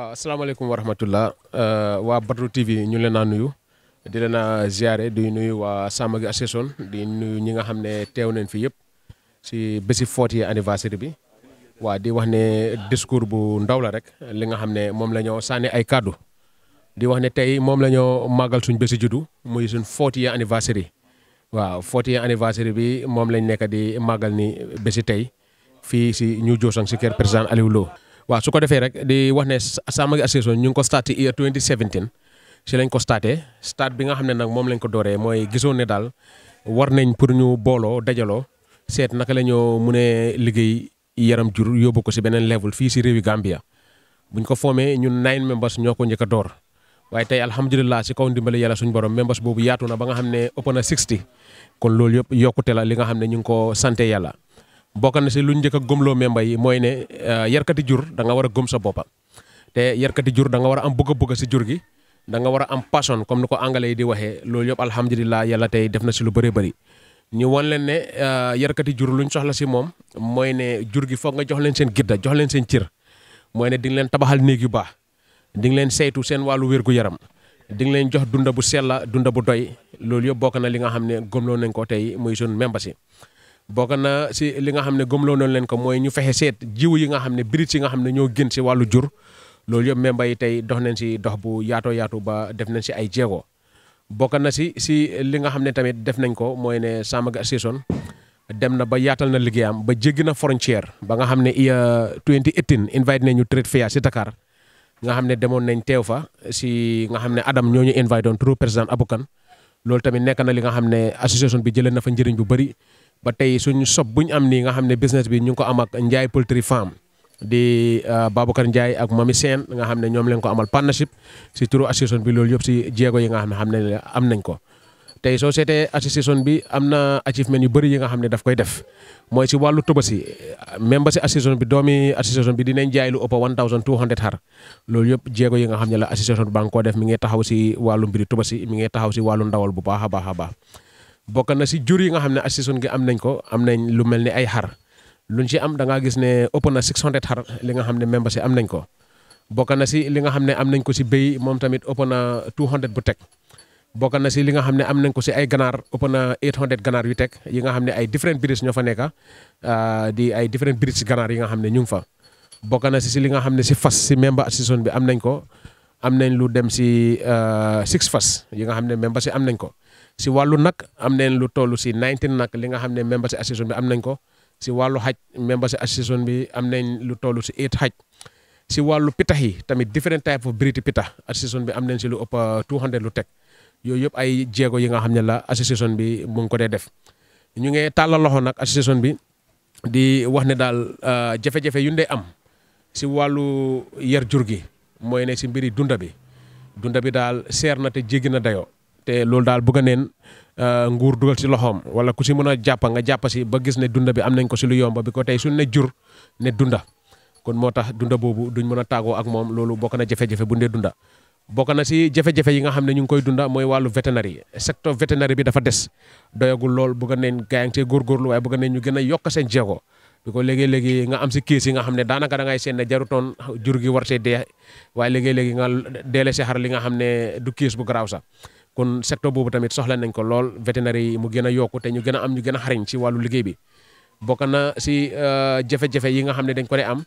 waaw asalaamaaleykum wa rahmatullah euh, waa Badru TV ñu leen a nuyu di leen a ziare di nuyu waa Sàmm gi association di nuyu ñi nga xam ne teew nañ fi yëpp si bési yi anniversaire bi waa di wax ne discours bu ndaw la rek li nga xam ne moom la ñoo sànni ay kàddu di wax ne tey moom la ñoo màggal suñ bési juddu muy suñ fortième anniversaire yi waaw fortième anniversaire bi moom lañ nekk di màggal ni bési tey fii si ñu joosang si kër président Aliou waaw su ko defee rek di wax ne Samm ak Association ñu ngi ko starté year 2017 si lañ ko starté start bi nga xam ne nag moom lañ ko dooree mooy gisoon ne daal war nañ pour ñu booloo dajaloo seet naka la ñoo mun a liggéey yaram jur yóbbu ko si beneen level fii si réewi Gambia buñ ko formé ñun nine members ñoo ko njëkk a door waaye tey alhamdulilah si kaw ndimbali yàlla suñu borom members boobu yaatu na ba nga xam ne ëpp na 60 kon loolu yëpp yokkute la li nga xam ne ñu ngi ko santé yàlla. bokk na si lu njëkk gomlo gëmloo memba yi mooy ne euh, yarkati jur da nga wara gom sa boppa te yarkati jur da nga wara am bëgg-bëgg si jur gi da nga wara am passion comme niko anglais di waxé lool yop alhamdullilah yalla tay def na si lu bëré bëri. ñu won leen ne euh, yarkati jur luñu soxla ci mom moy ne jur gi fo nga jox leen seen gidda jox leen seen ciir moy ne di leen tabaxal neeg yu baax di leen seytu seen walu wër gu yaram di leen jox dunda bu sella dunda bu doy lool yop bokk na li nga xamné ne nañ ko tay moy memba si bokk na si li nga xam ne gëmloo noonu leen ko mooy ñu fexe seet jiw yi nga xam ne birit yi nga xam ne ñoo gën si wàllu jur loolu yëpp memba yi tey dox nañ si dox bu yaatoo yaatu ba def nañ si ay jéego bokk na si si li nga xam ne tamit def nañ ko mooy ne Samaga Season dem na ba yaatal na liggéeyam ba jéggi na frontière ba nga xam ne iya 2018 invite ñu trade fair si Dakar nga xam ne demoon nañ teew fa si nga xam ne Adam ñoo ñu invite doon président Aboukan loolu tamit nekk na li nga xam ne association bi jëlee na fa njëriñ bu bëri ba tey suñu sob bu ñu am nii nga xam ne business bi ñu ngi ko am ak Ndiaye Poultry Farm di euh, Babacar njaay ak Mami Sène nga xam ne ñoom leen ko amal partnership si turu association bi loolu yëpp si jéego yi nga xam ne xam ne am nañ ko. tey soo seetee association bi am na achievement yu bëri yi nga xam ne daf koy def mooy si wàllu tubasi même ba si association bi doomi association bi dinañ jaay lu ëpp 1200 xar loolu yëpp jéego yi nga xam ne la association bi ba nga koo def mi ngi taxaw si wàllu mbiri tubasi mi ngi taxaw si wàllu ndawal bu baax a baax a baax. bokk na si jur yi nga xam ne assison gi am nañ ko am nañ lu mel ni ay xar luñ si am da ngaa gis ne ëpp na 600 xar li nga xam ne membre si am nañ ko. bokk na si li nga xam ne am nañ ko si béy moom tamit ëpp na bu teg bokk na si li nga xam ne am nañ ko si ay ganaar ëpp na 800 ganaar yu teg yi nga xam ne ay different breeds ñoo fa nekk ah, di ay different ganaar yi nga xam ne ñu ngi fa. bokk na si si li nga xam ne si fas si membre assison bi am nañ ko am nañ lu dem si ah, six fas yi nga xam ne membre si am nañ ko. si wàllu nag am neen lu toll si 19 nag li nga xam ne member si association bi am nañ ko si wàllu xaj member si association bi am nañ lu tollu si 8 xaj si wàllu pitax yi tamit different type of breed pitax association bi am nañ si lu ëpp 200 uh, lu teg yooyu yëpp ay jéego yi nga xam ne la association bi mu ngi ko dee def ñu ngi tàllal loxo nag association bi di wax ne daal uh, jafe-jafe yu ndey am si wàllu yar jur gi mooy ne si mbiri dunda bi dunda bi daal seer na te jéggi na dayoo te loolu daal bëgg neen euh, nguur dugal si loxoom wala ku si mën a jàpp nga jàpp si ba gis ne dunda bi am nañ ko si lu yomba bi ko tey suñ ne jur ne dunda kon moo tax dunda boobu duñ mën a tàggoo ak moom loolu bokk na jafe-jafe bu ndee dunda. bokk na si jafe yi nga xam ne ñu ngi koy dunda mooy wàllu vétérinaire secteur vétérinaire bi dafa des doyagul lool bëgg neen gaa yi see góorgóorlu waaye bëgg neen ñu gën a yokk seen jéego. bi ko léegi-léegi nga am si kiis yi nga xam ne daanaka da ngay seen ne jarutoon jur gi war see dee waaye léegi-léegi nga deele si xar li nga xam ne du kiis bu garaaw kon secteur boobu tamit soxla nañ ko lool vétérinaire yi mu gën a yokku te ñu gën a am ñu gën a xariñ ci wàllu liggéey bi bokk na si euh, jafe-jafe yi nga xam ne dañ ko dee am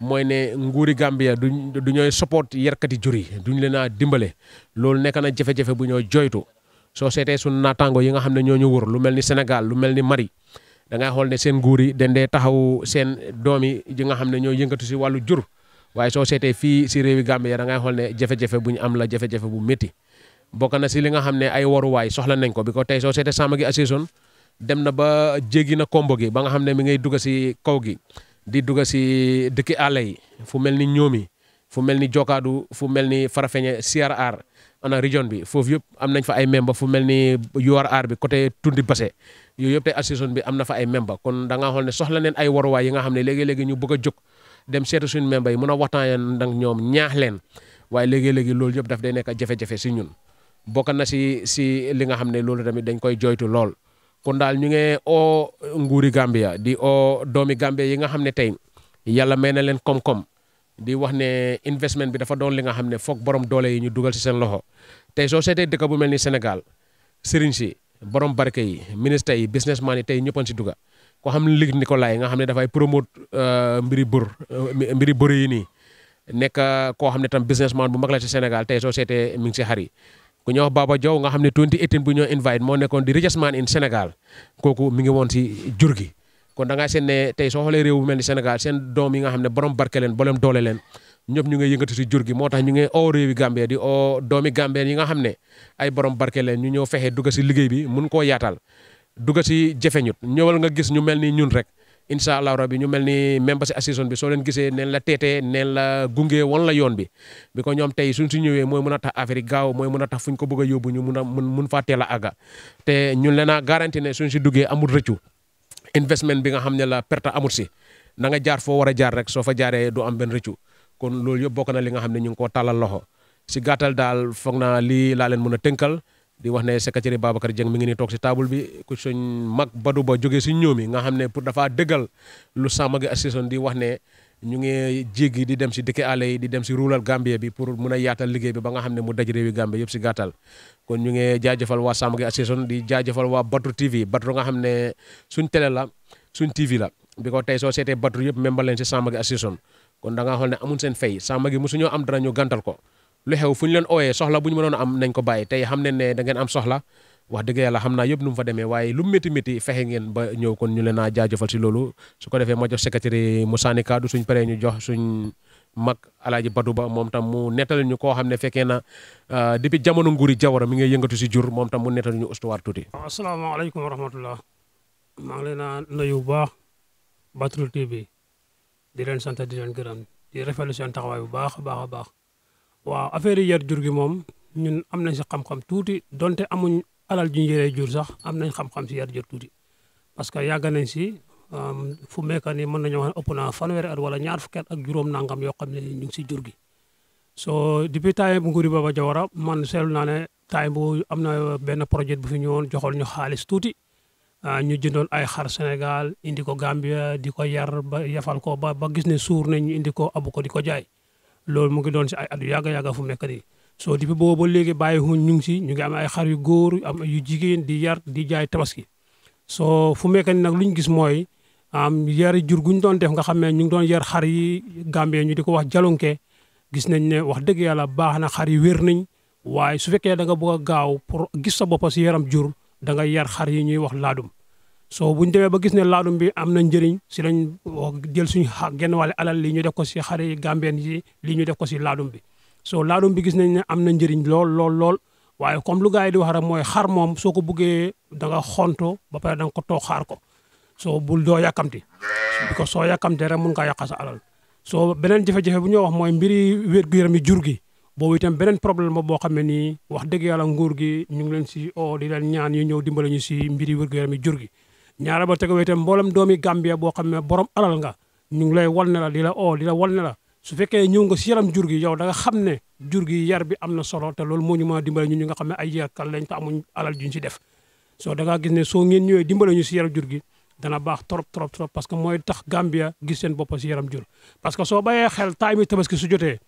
mooy ne nguuri Gambia duñ du ñooy support yarkati jur yi duñ leen dimbale loolu nekk na jafe bu ñoo joytu soo seetee suñ naataango yi nga xam ne ñoo ñu wër lu mel ni Sénégal lu mel ni mari da xool ne seen nguur yi dendee taxaw seen doom yi yi nga xam ne ñoo yëngatu si wàllu jur waaye soo seetee fii si réewi Gambia da ngay xool ne jafe-jafe bu ñu am la jafe-jafe bu métti bokk na si li nga xam ne ay waruwaay soxla nañ ko bi ko tey soo seetee sàmm gi assison dem na ba jéggi na kombo gi ba nga xam ne mi ngay dugg si kaw gi di dugg si dëkki àll yi fu mel ni ñoomi fu mel ni jokaadu fu mel ni farafeñe CRR ana région bi foofu yëpp am nañ fa ay memba fu mel ni URR bi côté tundi Basse yooyu yëpp tey association bi am na fa ay memba kon da ngaa ne soxla neen ay waruwaay yi nga xam ne léegi-léegi ñu bëgg a jóg dem seetu suñu memba yi mun a waxtaan ak ñoom ñaax leen waaye léegi-léegi loolu yëpp daf day nekk jafe-jafe si ñun bokk na si si li nga xamne ne tamit dañ koy joytu lol kon dal ñu ngi o nguri Gambia di o domi Gambia yi nga xamne ne yalla yàlla may na di wax ne investment bi dafa doon li nga xamne ne borom doole yi ñu dugal ci seen loxo tay so seetee dekk bu melni Sénégal si borom barke yi ministre yi businessman yi tay ñëppoon si duga ko xam ne Luc Nicolaï nga xamne ne fay promote euh, mbiri bër euh, mbiri bëri yi ni nekk koo tam businessman bu mag la ci Sénégal tay soo mi ngi si xari ku ñoo wax Baba Jow nga xam ne 2018 bu ñoo invite moo nekkoon di richest man in Sénégal kooku mi ngi woon si jur gi kon da seen ne tey soo xoolee réew bu mel ni Sénégal seen doom yi nga xam ne borom barke leen borom doole leen ñëpp ñu ngi yëngatu si jur gi moo tax ñu ngi oo réewi Gambie di oo doomi Gambien yi nga xam ne ay borom barke leen ñu ñëw fexe dugga si liggéey bi mun koo yaatal dugg si jafeñut ñëwal nga gis ñu mel ni ñun rek incha allah rabi ñu melni ni même ba si assison bi so leen gisee neen la tété neen la gunge won la yoon bi bi ko ñom tay suñ si ñëwé moy mëna a tax affaire gaaw moy mëna tax ko bëgg yobbu ñu mëna mën fa ñun leena garantie garanti ne suñ ci duggé amul rëccu investment bi nga xamné la perte amul si na nga jaar fo wara jaar rek so fa jaaré du am ben rëccu kon lool yëpp bokk na li nga xamné ñu ko talal loxo si gatal dal fogna li la leen mëna di wax ne secrétaire Babacar jeng mi ngi ni tok ci table bi ku suñ mag Badou Ba joge si ñoomi nga xamne pour dafa lu sàmm gi association di wax ne ñu ngi jéggi di dem si dëkki alé di dem si rural Gambie bi pour mëna yaatal liggéey bi ba nga xamne mu daj réewi Gambie yëpp ci gatal kon ñu ngi jaajeufal wa sàmm association di jaajeufal wa batru TV batru nga xamne suñ télé la suñ TV la bi tay so sété batru Badru yëpp membre leen si gi association kon da nga xol ne amuñ seen fay sàmm gi am dara ñu gantal ko lu xew fu ñu leen ooyee soxla bu ñu ma mënoon am nañ ko bàyyi tey xam ne ne da ngeen am soxla wax dëgg yàlla xam naa yëpp nu mu fa demee waaye lu métti métti fexe ngeen ba ñëw kon ñu leen a jaajëfal si loolu su ko defee ma jox secrétaire mu sànni kaddu suñ paree ñu jox suñ mag alaaji Badou Ba moom tam mu nettali ñu koo xam ne fekkee na euh, depuis jamono nguuri Jawara mi ngi yëngatu si jur moom tam mu nettali ñu ustuwaar tuuti. waaw asalaamaaleykum wa rahmatulah maa ngi leen a nuyu bu baax Badru TV di leen sant di leen gërëm di rafetlu seen taxawaay bu baax a baax a baax waaw affaire yi yar jur gi moom ñun am nañ si xam-xam tuuti donte amuñ alal ju jur sax am nañ xam-xam si yar jur tuuti parce que yàgg nañ si fu mu ni nii mën nañoo wax ne ëpp naa fanweeri at wala ñaar fukki at ak juróom nangam yoo xam ne ñu ngi si jur gi. soo depuis temps bu nguuri Baba Jawara man seetlu naane ne temps bu am na benn projet bu fi ñëwoon joxoon ñu xaalis tuuti. Ah, ñu jëndoon ay xar Sénégal indi ko Gambia di ko yar ba yafal ko ba ba gis ne suur nañ ñu indi ko abu ko di ko jaay. loolu mu ngi doon si ay at yu yàgg yàgg fu mu nekk nii soo depuis boobu ba léegi bàyyi wuñ ñu ngi si ñu ngi am ay xar yu góor am yu jigéen di yar di jaay tabaski soo fu mu nekk nag lu ñu gis mooy am yari jur guñ doon def nga xam ne ñu ngi doon yar xar yi Gambie ñu di ko wax jalonke gis nañ ne wax dëgg yàlla baax na xar yi wér nañ waaye su fekkee danga nga a gaaw pour gis sa bopp si yaram jur da nga yar xar yi ñuy wax laadum so buñ déwé ba gis né laadum bi am na njëriñ si lañ oh, jël suñu genn wàll alal li ñu def ko si xare gambien yi li ñu def ko si laadum bi so laadum bi gis nañ ne am na njëriñ lool lool lool waaye comme lu gars yi di wax rek mooy xar moom soo ko buggee da nga xonto ba pare da nga ko toog xaar ko so bul doo yàkkamti bi ko soo yàkkamte rek mun ngaa yàqa sa alal so beneen jafe-jafe bu ñoo wax mooy mbiri wér-gu-yaram yi jur gi boobu itam beneen problème la boo xam ni wax dëgg yàlla nguur gi ñu ngi leen si o oh, di leen ñaan yu ñëw dimbale ñu si mbiri wér-gu-yaram yi jur gi ñaara ba teg itam mbolam doomi Gambia boo xam ne borom alal nga ñu ngi lay wal ne la di la oo di la wal ne la su fekkee ñëw nga si yaram jur gi yow da nga xam ne jur gi yar bi am na solo te loolu moo ñu mën a dimbale ñun nga xam ne ay yarkat lañ te amuñ alal juñ si def soo da ngaa gis ne soo ngeen ñëwee dimbale ñu si yaram jur gi dana baax trop trop trop parce que mooy tax Gambia gis seen bopp si yaram jur parce que soo bayee xel taay mi tabaski su jotee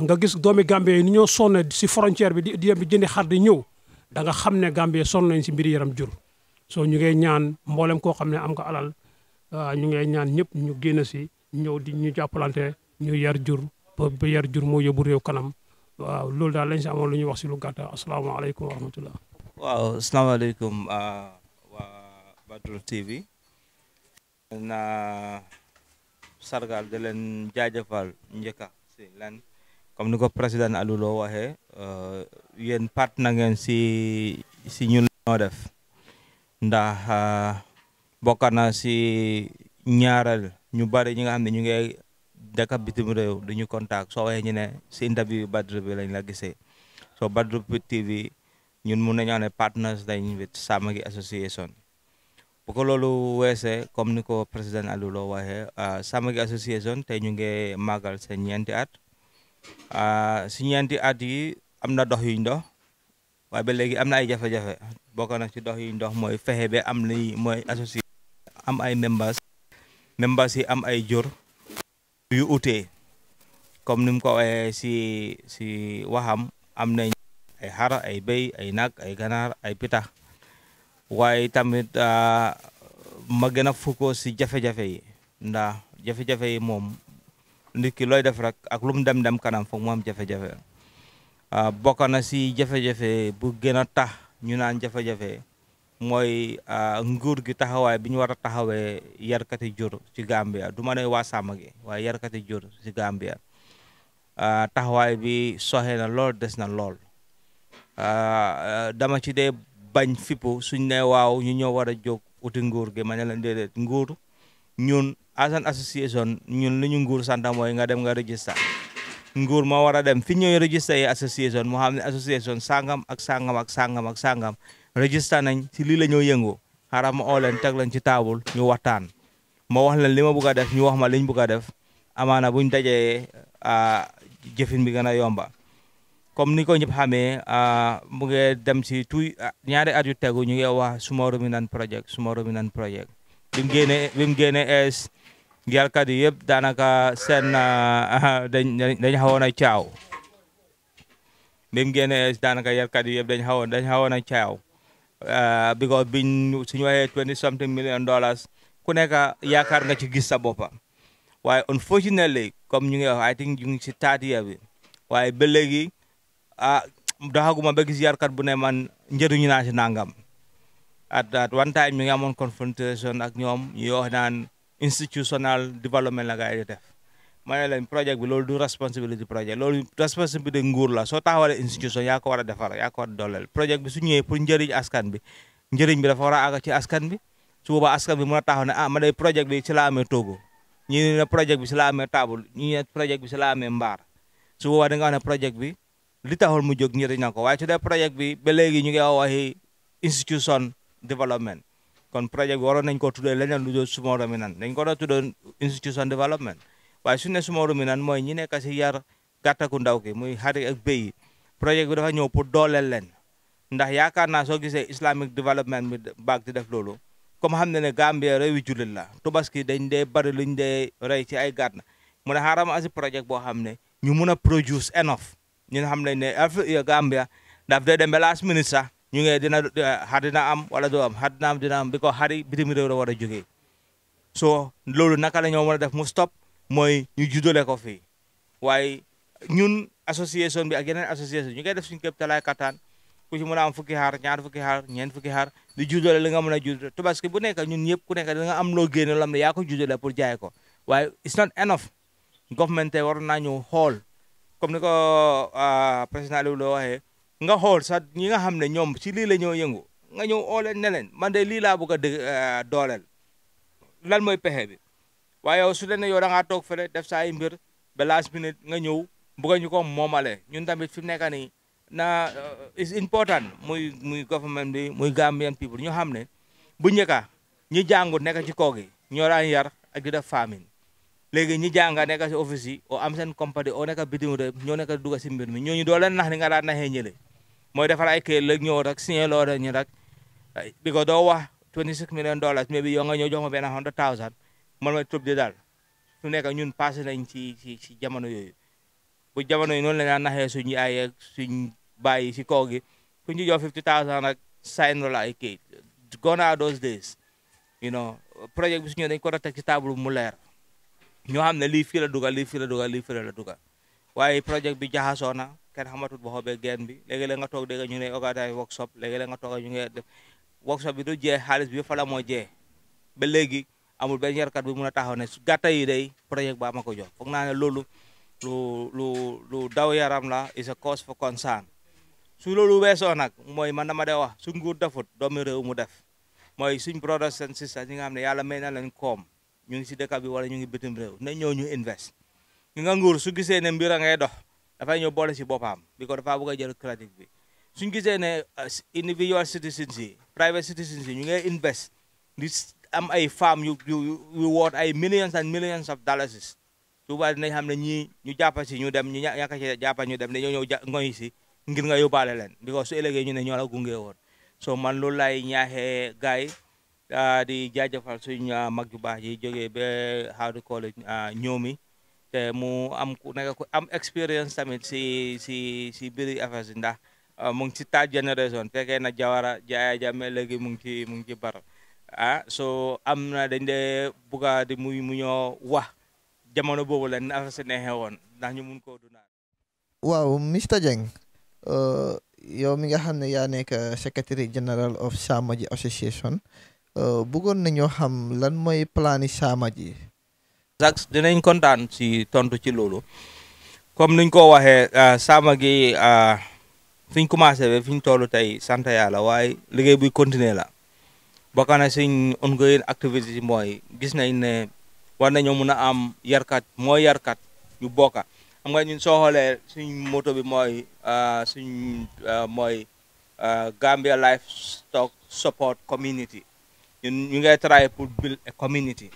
nga gis doomi Gambia yi ni ñoo sonn si frontière bi di dem di jëndi xar di ñëw da nga xam ne Gambia sonn nañ si mbiri yaram jur So ñu ngay ñaan mboolem ko xamne am nga alal ah, ñu ngay ñaan ñëpp ñu génn ci ñew di ñu jappalante ñu yar jur ba yar jur mo yóbbu rew kanam waaw lool da lañ ci amoon lu ñu wax ci lu assalamu alaykum wa rahmatullah waaw alaykum ah, wa Badru TV na sargal de len jaajëfal ñeeka si leen comme niko president alulo waxe euh ah, yeen part na ngeen si si ñun no def ndax ah, bokana si ñaaral ñu bari ñi nga xam ñu ngi dëkk bitim rew duñu contact so waxee ñu ne ci interview Badru bi lañ la gisé so Badru TV ñun mu nañu ne partners dañ with samagi association bu ko loolu comme niko ko président Aliou Lo waxé ah, samagi association tay ñu ngi magal seen ñenti at ah, si ñenti at yi amna na dox yuñ dox way ba légui amna ay jafe-jafe bokk na ci dox yi ndox mooy fexe ba am li mooy associé am ay membres membres yi am ay jur yu ute comme ni mu ko waxee si si waxam am nañ ay xar ay béy ay nag ay ganaar ay pitax waaye tamit ah, ma gën fuko si jafe-jafe yi ndax jafe-jafe yi moom nit ki looy def rek ak lu mu dem dem kanam foog mu am jafe-jafe ah, bokk si jafe-jafe bu gën tax ñu naan jafe-jafe mooy euh, nguur gi taxawaay bi ñu war a taxawee yarkati jur ci Gambia du ma ne waa sàmm gi waaye yarkati jur ci Gambia euh, taxawaay bi soxe na lool des na lool euh, dama ci dee bañ fippu suñ ne waaw ñu ñëw war a jóg uti nguur gi ma ne leen déedéet nguur ñun as an association ñun li ñu nguur sant mooy nga dem nga register nguur ma war a dem fi ñooy register yi association moo xam association sangam ak sangam ak sangam ak sangam register nañ si lii la ñoo yëngoo xaaral ma oo leen teg leen ci taabul ñu waxtaan ma wax leen li ma bugg a def ñu wax ma liñ bugg a def amaana buñ dajee jëfin bi gën a yomba comme ni ko ñëpp xamee mu ngi dem si tuy ñaari at yu tegu ñu ngi wax suma ruminant project suma ruminant project bi mu génnee bi yàlkat yi yëpp daanaka seen ah, ah, dañ dañ xawoon a caaw bi mu génnee daanaka yàlkat yëpp dañ xawoon dañ xawoon a caaw ah, because biñ suñu waxee twenty something million dollars ku nekk yaakaar nga ci gis sa boppa waaye unfortunately comme ñu ngi wax I think ñu ngi si taat ya bi waaye ba léegi ah doxaguma ba gis yarkat bu ne man njëriñu naa si nangam at at one time ñu ngi confrontation ak ñoom ñu wax naan institutional development la gars yi di def ma ne leen projet bi loolu du responsibilité projet loolu responsabilité nguur la soo taxawalee institution yaa ko war a defar yaa ko war a dooleel projet bi su ñëwee pour njëriñ askan bi njëriñ bi dafa war a àgg ci askan bi su boobaa askan bi mën a taxaw ne ah ma bi si la amee toogu ñii ne projet bi si la amee table ñii ne projet bi si la amee mbaar su boobaa da nga wax bi li taxoon mu jóg njëriñ na ko waaye su dee projet bi ba léegi ñu ngi wax institution development kon projet bi waroon nañ ko tuddee leneen lu dul Sumaworo Minane dañ ko doon tuddee institution développement waaye su ne mi Minane mooy ñi nekk si yar gàttaku ndaw ki muy xarit ak béy yi projet bi dafa ñëw pour dooleel leen ndax yaakaar naa soo gisee islamic development bi baag di def loolu comme xam ne ne Gambia réewi jullit la tubaski dañ dee bari luñ dee rey ci ay gàtt mu ne xaaral ma asi projet boo xam ne ñu mun a produce enough ñu xam ne ne Gambia daf dee dem ba last ñu ngi dina xar dina am wala doo am xar dina am dina am bi ko xari bitim réew la war a jógee soo loolu naka la ñoo mën a def mu stop mooy ñu juddale ko fii waaye ñun association bi ak yeneen association ñu ngi def suñu képp talaay ku ci mën a am fukki xaar ñaar fukki xaar ñeen fukki xaar di juddale li nga mën a juddale tubaski bu nekk ñun ñëpp ku nekk da am loo génne loo xam ne yaa ko juddale pour jaay ko waaye it's not enough government te war naa ñu xool comme ni ko ah, président Aliou loo waxee nga xool sax ñi nga xam ne ñoom si lii la ñoo yëngu nga ñëw ooleen ne leen man de lii laa bëgg a dëgg euh, dooleel lan mooy pexe bi waaye yow leen ne yow da toog fële def saa ay mbir ba last minute nga ñëw bëgg ñu ko moomale ñun tamit fi mu nekk nii na euh, is important muy muy government bi muy Gambian people ñu xam ne bu njëkka ñi jàngut nekk ci kaw gi ñoo daan yar ak di def famine léegi ñi jànga nekk si office yi oo am seen compagnie oo nekk bitim réew ñoo mbir mi ñooñu doo leen nax ni nga daan naxee ñële mooy defar ay këyit la ñëw rek signé loo rek ñu rek bi ko doo wax 26 million dollars mais bi yow nga ñëw jox ma benn hundred thousand man ma tub daal su nekk ñun passé nañ ci ci ci jamono yooyu bu jamono yi noonu la na naxee suñu yaay ak suñ bàyyi si kaw gi ku ñu jox 50 thousand rek sign la ay këyit gone are those days you know projet bi su ñëw dañ ko teg ci table mu leer ñoo xam ne lii fii la dugal lii fii la dugal lii fii la dugal waaye projet bi jaxasoo kenn xamatul ba xobee geen bi léegi-léeg nga toog dégg ñu ne Ogadai workshop léegi-léeg bi du jee xaalis bi fa la moo jee ba léegi amul benn yarkat bi mun a taxaw ne su gàtta yi day projet ba ma ko jox foog naa ne loolu lu lu lu daw yaram la is a cause for concern su loolu weesoo nag mooy man dama dee wax su nguur defut doomi réew mu def mooy suñ brothers and sisters ñi nga xam ne yàlla may na leen koom ñu ngi si dëkk bi wala ñu ngi bitim réew na ñëw ñu invest ñi nga nguur su gisee ne mbir a ngay dox dafay ñëw boole si boppam bi ko dafaa bëgg a jël crédit bi suñ gisee ne uh, individual citizens yi private citizens yi ñu ngay invest di am ay femmes yu yu woot ay millions and millions of dollars suba dinañ xam ne ñii ñu jàppa si ñu dem ñu ñàkk ci jàppa ñu dem dañoo ñëw ngoy si ngir nga yóbbaale leen bi ko su ëllëgee ñu ne ñoo la gunge woon so man loolu laay ñaaxee gars yi uh, di jaajëfal suñ uh, mag ju baax yi jógee ba Howard College ñoomi te mu am ku nekk ku am expérience tamit si si si biir affaire si ndax euh, mu ngi si ta génération fekkee na jawara jaaya jàmme léegi mu ngi ci mu ngi ci bar ah so am na dañ dee di muy mu ñoo wax jamono boobu la na affaire neexee woon ndax ñu mun koo dunaa waaw Mr Jeng euh, yow mi nga xam ne yaa nekk secretary general of Saama ji association euh, bëggoon nañoo xam lan mooy plani Saama ji sax dinañ kontaan si tontu ci loolu comme niñ ko waxee euh, sàmm gi euh, fiñ commencé ba fiñ toll tey sant yàlla waaye liggéey buy continuer la bokk na suñ ongoing activité mooy gis nañ ne war nañoo mun a am yarkat mooy yarkat ñu bokka xam nga ñun soo xoolee suñ moto bi mooy euh, suñ mooy Gambia Livestock Support Community ñun ñu ngay try pour build a community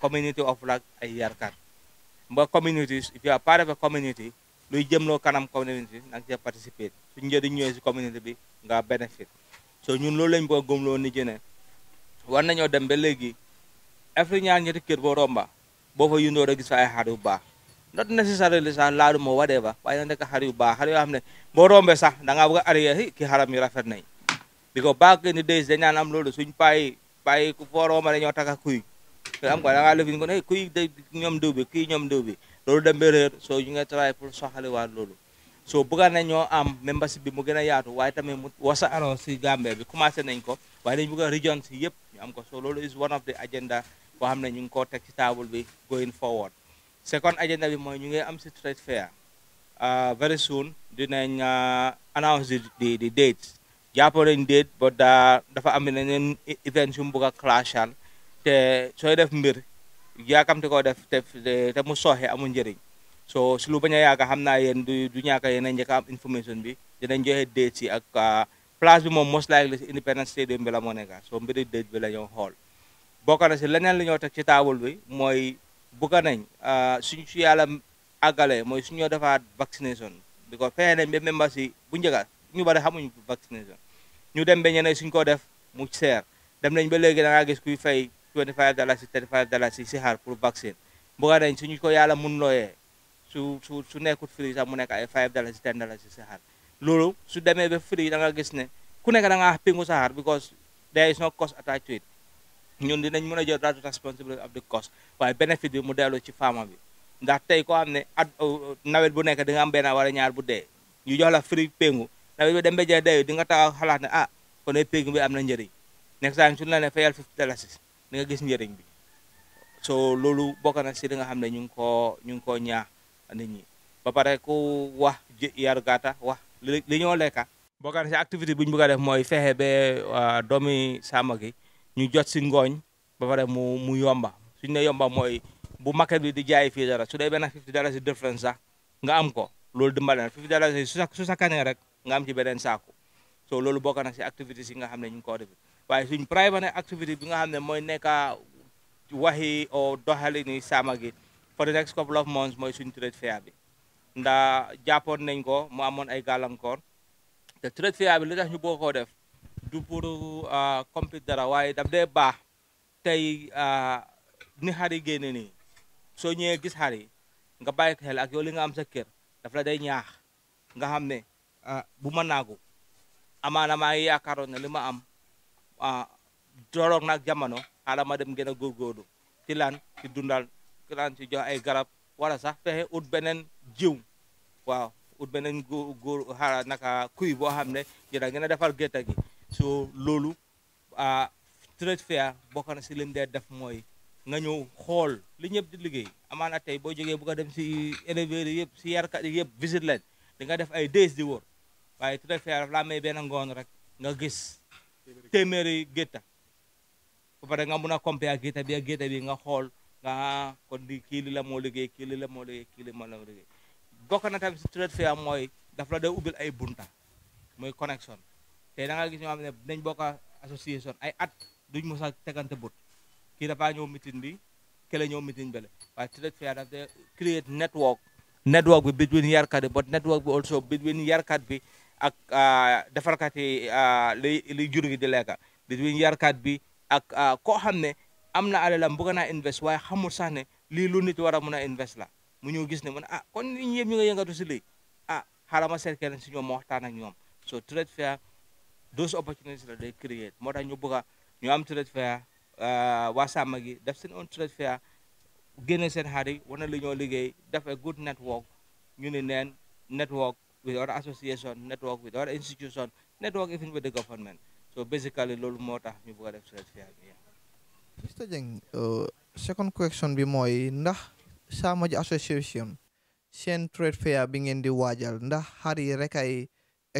community of like ay yarkat mba community if you community luy jëmloo kanam community nag ca participer suñ njëriñ ñëwee si community bi nga benefit so ñun loolu lañ boo gëmloo nit ñi ne war nañoo dem ba léegi afri ñaar ñetti kër boo romba boo fa yundoo rek gis fa ay xar yu baax not necessarily sax laadu moo wadee ba waaye na nekk xar yu baax xar xam ne boo rombee sax da ngaa bëgg a ariye ki xaram yi rafet nañ because back in the days dañ naan am loolu suñ payi payi ku foo romba dañoo taka am yi da ngaa lëf ñoom diw bi kuy ñoom diw bi loolu dem ba réer soo ñu ngay travail pour soxaliwaat loolu so bëgg na ñoo am membership bi mu gën a yaatu waaye tamit mu wasa ano si Gambie bi commencé nañ ko waaye dañ bëgg a yëpp ñu am ko so loolu is one of xam ne ñu ngi koo teg ci table bi going forward second agenda bi mooy ñu ngi am si trade fair ah, very soon dinañ ah, announce di di date jàppo nañ date ba dafa am ne neen event yu mu bëgg a te sooy def mbir yaakamti koo def te te mu sooxe amul njëriñ so si lu bañ a yaaga xam naa yéen du du ñaaka yéen a njëkk am information bi dinañ joxe date si ak ah, place bi moom most likely si Independence Stadium bi la moo nekka so mbiri date bi la ñoo xool bokk na si leneen li ñoo teg ci taabul bi mooy bugga nañ ah, suñ su yàlla àggale mooy suñoo defaat vaccination bi ko fexe nañ ba memba si bu njëkka ñu bari xamuñ vaccination ñu dem ba ñeneen suñ ko def mu seer dem nañ ba léegi da ngaa gis kuy 25 dollars 35 dollars si xaar pour vaccine bëgg nañ suñu ko yàlla mun looyee su su su nekkut free sax mu nekk ay 5 dollars 10 dollars si xaar loolu su demee ba free da nga gis ne ku nekk da nga pingu sa xaar because there is no cost attached to it ñun dinañ mën a jël that responsibility of the cost waaye benefit bi mu delloo ci faama bi ndax tey koo xam ne at nawet bu nekk di nga am benn wala ñaar bu dee ñu jox la free pingu. nawet bi dem ba jeex dee di nga taxaw xalaat ne ah kon pingu bi am na njëriñ next time su la ne fayal fifty dollars di nga gis njëriñ bi so loolu bokk na si li nga xam ne ñu ngi koo ñu ngi koo ñaax nit ñi ba pare ku wax yaru gàtta wax li ñoo lekka boo na si activité bu ñu bu a def mooy fexe ba doomi sàmm gi ñu jot si ngooñ ba pare mu mu yomba suñ ne yomba mooy bu market bi di jaay fii dara su dee benn fifty dollars si différence sax nga am ko loolu dimbale na fifty dollars su sa su sa kanee rek nga am ci beneen saaku so loolu bokk na si activité yi nga xam ne ñu ngi koo waaye suñ private activity bi nga xam ne mooy nekka waxi o doxali ni saama gi for the next couple of months mooy suñ trade fair bi ndax jàppoon nañ ko mu amoon ay gàllankoor te trade fair bi li tax ñu boo koo def du pour ah, compite dara waaye daf dee baax tey ah, ni xar yi génne nii soo ñëwee gis xar yi nga bàyyi ak yow li nga am sa kër daf la day ñaax nga xam ne ah, bu ma naagu amaana maa ngi yaakaaroon ne li ma am doroog naag jamono xaaral ma dem gën a góorgóorlu ti lan ci dundal ci lan ci jox ay garab wala sax fexe ut beneen jiw waaw ut beneen góor góor xaaral naka kuy boo xam ne dina gën a defar gerte gi so loolu trade fair bokk na si lim dee def mooy nga ñëw xool li ñëpp di liggéey amaa na tey boo jógee bugg a dem si éleveurs yëpp si yarkat yëpp visite leen di nga def ay days di wóor waaye trade fair daf laa may rek nga gis téeméeri gétta ba pare nga mun a compé ak gétta bi ak gétta bi nga xool nga ah, kon di kii li la moo liggéey kii la moo liggéey kii li moo na tamit si trade fair mooy daf la day ubbil ay bunta mooy connexion te da nga gis ñoo xam ne nañ bokk association ay at duñ mos a tegante bët kii dafaa ñëw meeting bi kële ñëw meeting bële waaye trade fair daf day create network network bi between yarkat bi but network bi also between yarkat bi ak ah, defarkat yi ah, li li jur gi di lekka between yarkat bi ak ah, koo xam ne am na alalam bëgg naa invest waaye xamul sax ne lii lu nit war a mun a invest la mu ñëw gis ne mu na ah kon nit ñi yëpp ñu nga si li a xaaral ma seet keneen si ñoom ma waxtaan ak ñoom so trade fair those opportunities la day create moo ta ñu bëgg a ñu am trade fair waa Sàmm gi def seen own trade fair génne seen xarit wana li ñoo liggéey def a good network ñu ne neen network with our association network with our institution network even with the government so basically loolu moo tax ñu bëgg a def street fair bi bi mooy ndax Samoji association seen trade fair bi ngeen di waajal ndax xar yi rek ay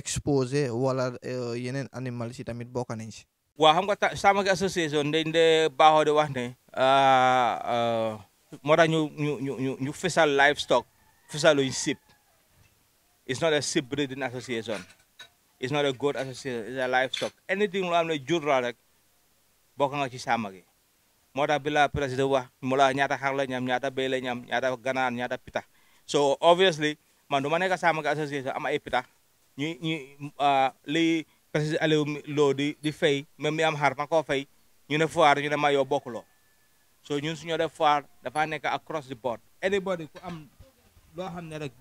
exposé wala euh, yeneen animal si tamit bokk nañ si waa xam nga Samoji association dañ de baaxoo di wax ne euh, euh, moo tax ñu ñu ñu ñu fesal livestock fesaluñ sib it's not a sheep breeding association it's not a goat association it's a livestock anything loo xam ne jur la rek bokk nga ci sàmm gi moo tax bi la président wax mu la ñaata xar la ñam ñaata béy la ñam ñaata ganaar ñaata pita so obviously man du ma nekk sàmm gi association am ay pita ñu ñu ah, li président Aliou di di fay même mi am xar ma koo fay ñu ne foire ñu ne ma yow bokkuloo so ñun suñoo def foire dafa nekk across the board anybody ku am loo xam ne rek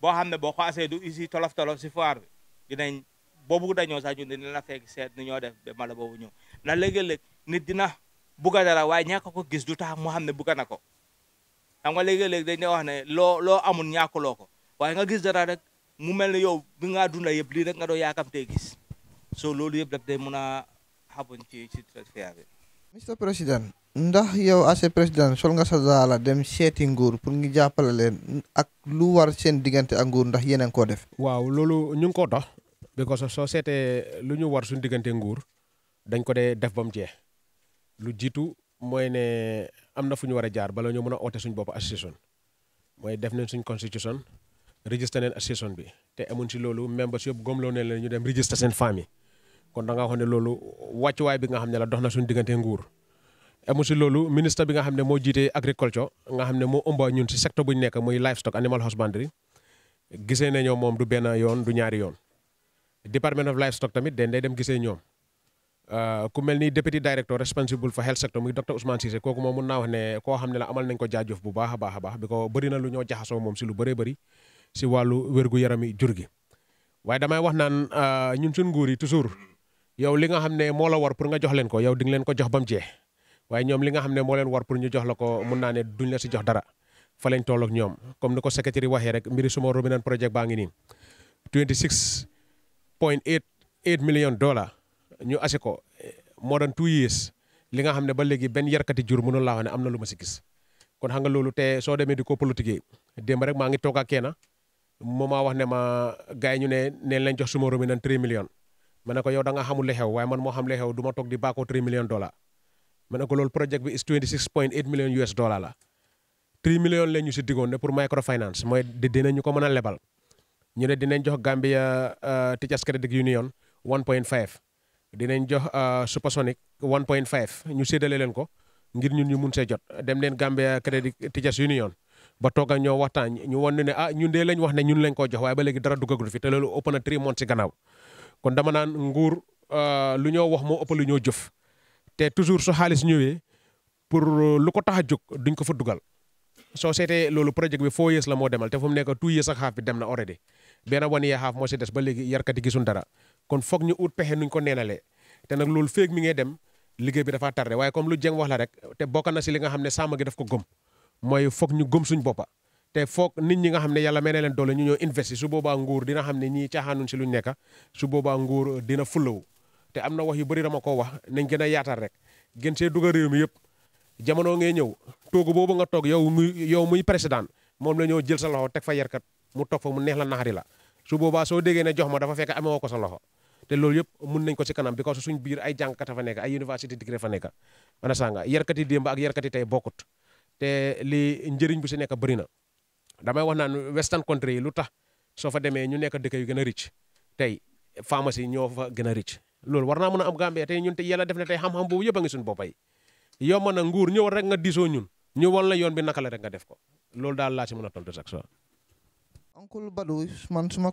boo xam ne boo xaasee du ussi tolof tolof si foire bi dinañ boobu dañoo sax ñun dina na fekk seet ni ñoo def ba mala boobu ñëw na léegi-léeg nit dina bugga dara waaye ñàkk ko gis du tax mu xam ne bugga na ko xam nga léegi-léeg dañ lay wax ne loo loo amul ñàkkuloo ko waaye nga gis dara rek mu mel ne yow bi ngaa dunda yëpp lii rek nga doo te gis so loolu yëpp daf day mën a xabuñ ci ci transfert President ndax yow ac président sol nga sa dem seeti nguur pour ngi jàppale leen ak lu war seen diggante ak nguur ndax yeneen ko def waaw loolu ñu ngi ko dox because soo seetee lu ñu war suñ diggante nguur dañ ko dee def bam jeex lu jiitu mooy ne am na fu ñu war a jaar bala ñu mën a oote suñ bopp association mooy def nañ suñ constitution register nañ association bi te amuñ si loolu membres yëpp gomloo ne leen ñu dem register seen famille kon da nga xam ne loolu wàccuwaay bi nga xam ne la dox na suñ diggante nguur amusi lolu minister bi nga xamne ne jité agriculture nga xamne ne moo ñun si secteur bu nek moy livestock animal husbandry gisé nañu mom du ben yoon du ñaari yoon. department of livestock tamit den day dem ñom euh ku melni deputy director responsible for health sector muy docteur Ousmane Cissé koku mom mun wax ne ko xamne la amal nañ ko jaajëf bu baaxa baaxa baax biko bari na lu ñoo jaxaso mom si lu bëree bëri ci walu wérgu yarami jurgi gi waaye damay wax naan euh, ñun suñ nguur yi toujours yow li nga xamne ne la war pour nga jox len ko yow di len ko jox bam waye ñom li nga xamne ne leen war pour ñu jox lako ko mun ne duñ la si jox dara fa lañ toll ñom comme niko secrétaire waxe rek mbiri suma robinan project ngi million dollars ñu assé ko moo two years li nga xamne ne ba légui ben yarkati jur mënu la wax ne luma ci gis kon xanga lolu té te démé di ko politique démb rek ma ngi toka kéna wax ne ma gaay ñu ne né lañ jox suma robinan 3 million Mana ko yow da nga xamul li xew waye man mo xam li xew du tok di bako 3 million dollars ma ne ko loolu bi is 26.8 million US dollar la 3 million lañu ci digone pour microfinance de dinañu ko mën lebal ñu ne dinañ jox Gambia uh, Teachers Credit Union 1.5 dinañ jox uh, Supersonic 1.5 ñu sédalé len ko ngir ñun ñu mën sé jot dem len Gambia Credit Teachers Union ba toga ño ñoo waxtaan ñu wan ne ah ñun dé lañ wax né ñun lañ ko jox waaye ba légui dara duggagul fi té lolu open na 3 mois ci gannaaw kon dama naan nguur uh, lu ñoo wax mo ëpp lu ñoo jëf. te toujours su xaalis ñëwee pour euh, lu ko tax a jóg duñ ko fa dugal soo seetee loolu projet bi foo years la moo demal te fu mu nekk two years ak xaaf bi dem na already benn one year xaaf moo si des ba léegi yarkati gisuñ dara kon foog ñu ut pexe nuñ ko neenalee te nag loolu féeg mi ngay dem liggéey bi dafa tardé waaye comme lu jeng wax la rek te bokk na si li nga xam ne sàmm gi daf ko gëm mooy foog ñu gëm suñ boppa te foog nit ñi nga xam ne yàlla may na leen doole ñu ñoo investi su boobaa nguur xam ne ñii caaxaanuñ si luñ nekk su boobaa nguur dina fulawu te am wax yu bari dama ko wax nañ gëna yaatal rek gën ci dugal réew mi yëpp jamono ngay ñëw togu bobu nga tok yow muy yow muy président mom la ñëw jël sa loxo tek fa kat mu tok fa mu neex la naari la su boba so déggé né jox ma dafa fekk amé ko sa loxo te lool yëpp mun nañ ko ci kanam because suñu biir ay jàngkat fa nekk ay université degré fa nekk ana sanga kat yi demb ak kat yi tay bokut te li njëriñ bu ci nekk bari na damay wax naan western country lutax so fa démé ñu nekk dëkk yu gëna rich tay pharmacie ñoo fa loolu war naa mën a am Gambia tey ñun te yàlla def na tey xam-xam boobu yëpp a ngi suñu boppay yomba na nguur ñëwal rek nga diisoo ñun ñu won la yoon bi naka la rek nga def ko loolu daal laa si mën a tontu sax so oncle Badou man suma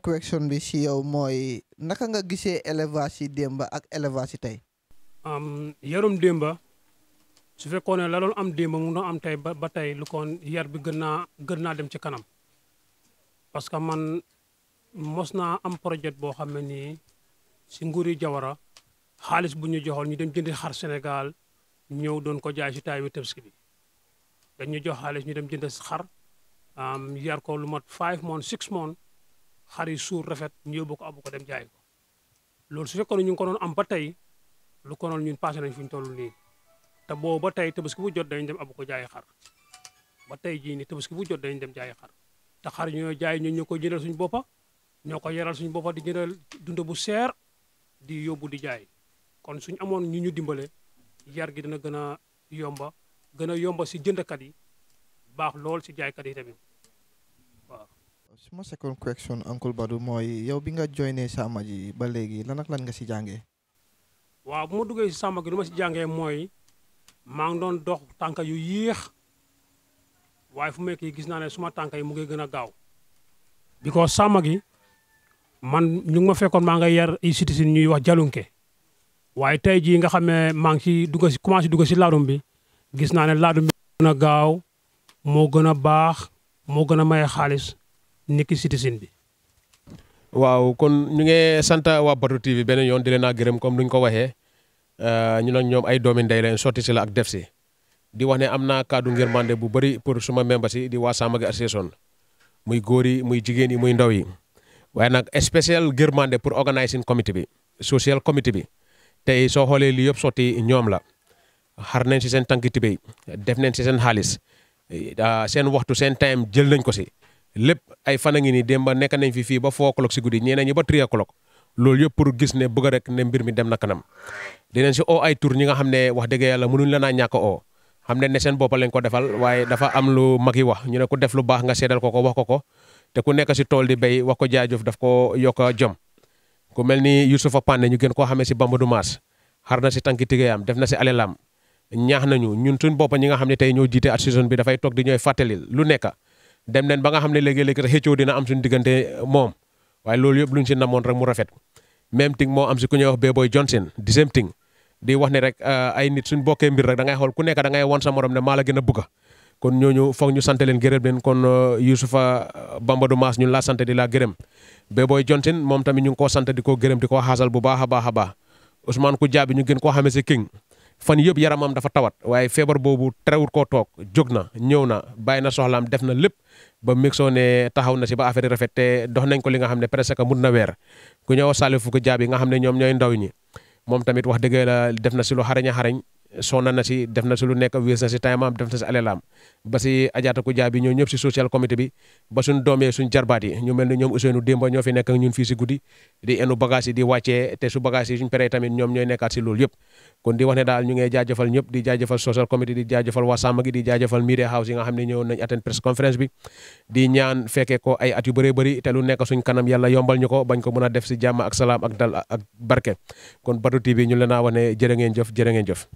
bi si yow mooy naka nga gisee élevage yi démba ak élevage yi tey. yarum démba su fekkoon ne la loolu am démba mu am tey ba ba tey lu kon yar bi gën naa gën naa dem ci kanam parce que man mos naa am projet boo xam ne nii. si nguuri Jawara xaalis bu ñu joxoon ñu dem jënd xar Sénégal ñëw doon ko jaay si taay bi Tabaski bi dañu jox xaalis ñu dem jënd xar yar ko lu mat 5 months 6 months xar yi suur rafet ñu yóbbu ko abu ko dem jaay ko loolu su fekkoon ñu ngi ko doon am ba tey lu ko noon ñun passé nañ fu ñu toll nii te boobu ba tey tabaski bu jot dañu dem abu ko jaay xar ba tey jii nii tabaski bu jot dañu dem jaay xar te xar ñoo jaay ñoo ñu ko jëndal suñu boppa ñoo ko yaral suñu boppa di jëndal dund bu seer di yóbbu di jaay kon suñ amone ñu ñu dimbalé yar gi dina gëna yomba gëna yomba yomba si kat yi baax lool si kat yi tamit waaw suma second question uncle Badou moy yow bi nga joiné sama ji ba légui lan ak lan nga si jàngé waaw bu ma duggé si sama gi luma ma si moy ma ngi doon dox tanka yu yéex waaye fu mekk yi gis naa ne suma tanka yi mu ngi gën gaaw because sama gi man ñu ma fekkon ma nga yar i citizen ñuy wax jalunke waye tay ji nga xamé ci dugg si commencé dugg si ladum bi gis na né na bi na na maya gaaw mo gëna baax niki citizen bi. waaw kon ñu ngi santa wa Badru TV ben yoon di leena gërem comme ni ñu ko waxee euh, ñu nag ñom ay doomi ndey leen sotti ci la ak def ci di wax ne amna kaadu ngir mandé bu bari pour suma membre di sama Saamaga association muy gori muy jigéen yi muy ndaw yi waaye nag spécial gërmande pour organizing committee bi social committee bi tey soo xoolee li yëpp sotti ñoom la xar nañ si seen tànki tibéy def nañ si seen xaalis seen waxtu seen time jël nañ ko si lépp ay fan a ngi nii démb nekk nañ fi fii ba four o'clock si guddi ñee nañu ba three o'clock loolu yëpp pour gis ne bëgg rek ne mbir mi dem na kanam dinañ si oo ay tur ñi nga xam ne wax dëgg yàlla mënuñ la naa ñàkk oo xam ne ne seen bopp lañ ko defal waaye dafa am lu mag yi wax ñu ne ko def lu baax nga seedal ko ko wax ko ko te ku nekk si tool di béy wax ko jaajëf daf ko yokk jom ku mel ni Youssoufa Pané ñu gën koo xamee si Bamba du Maas xar na si tànki tigéeyam def na si alelaam ñaax nañu ñun suñ boppa ñi nga xam ne tey ñoo jiite at saison bi dafay toog di ñooy fàttalil lu nekk dem leen ba nga xam ne léegi-léegi te xëccoo dina am suñu diggante moom waaye loolu yëpp luñ si namoon rek mu rafet même ting moo am si ku ñuy wax Beboy Johnson di same di wax ne rek euh, ay nit suñ bokkee mbir rek da ngay ku nekk da ngay won sa morom ne la gën a bugga kon ñooñu foog ñu sant leen gërëm leen kon euh, Youssoufa euh, Bamba du Maas ñun laa sante di laa gërëm Bébooy Johnson moom tamit ñu ngi koo sant di ko gërëm di ko xaasal bu baax a baax a baax Ousmane Koudia bi ñu gën koo xamee si King fan yëpp yaramam dafa tawat waaye feebar boobu terewut koo toog jóg na ñëw na bàyyi na soxlaam def na lépp ba Mixo ne taxaw na si ba affaire rafet te dox nañ ko li nga xam ne presque mun na weer ku ñëw Salif Koudia bi nga xam ne ñoom ñooy ndaw ñi moom tamit wax dëgg la def na si lu xarañ xarañ sonna na si def na si lu nekk wées na si time am def na si alelaam ba si ajaata ku jaabi ñoo ñëpp si social comité bi ba suñ doomee suñ jarbaat yi ñu mel ñoom Ousseynou Demba ñoo fi nekk ak ñun fii si guddi di enu bagage yi di wàccee te su bagage yi suñ tamit ñoom ñooy nekkaat si loolu yëpp kon di wax ne daal ñu ngi jaajafal ñëpp di jaajëfal social comité di jaajëfal waa sàmm gi di jaajëfal media house yi nga xam ne ñëwoon nañ attend press conférence bi di ñaan fekkee ko ay at yu bëree bëri te lu nekk suñ kanam yàlla yombal ñu ko bañ ko mën a def si jàmm ak salaam ak dal ak barke kon Badru TV ñu leen a wax ne jërë jërë ngeen jëf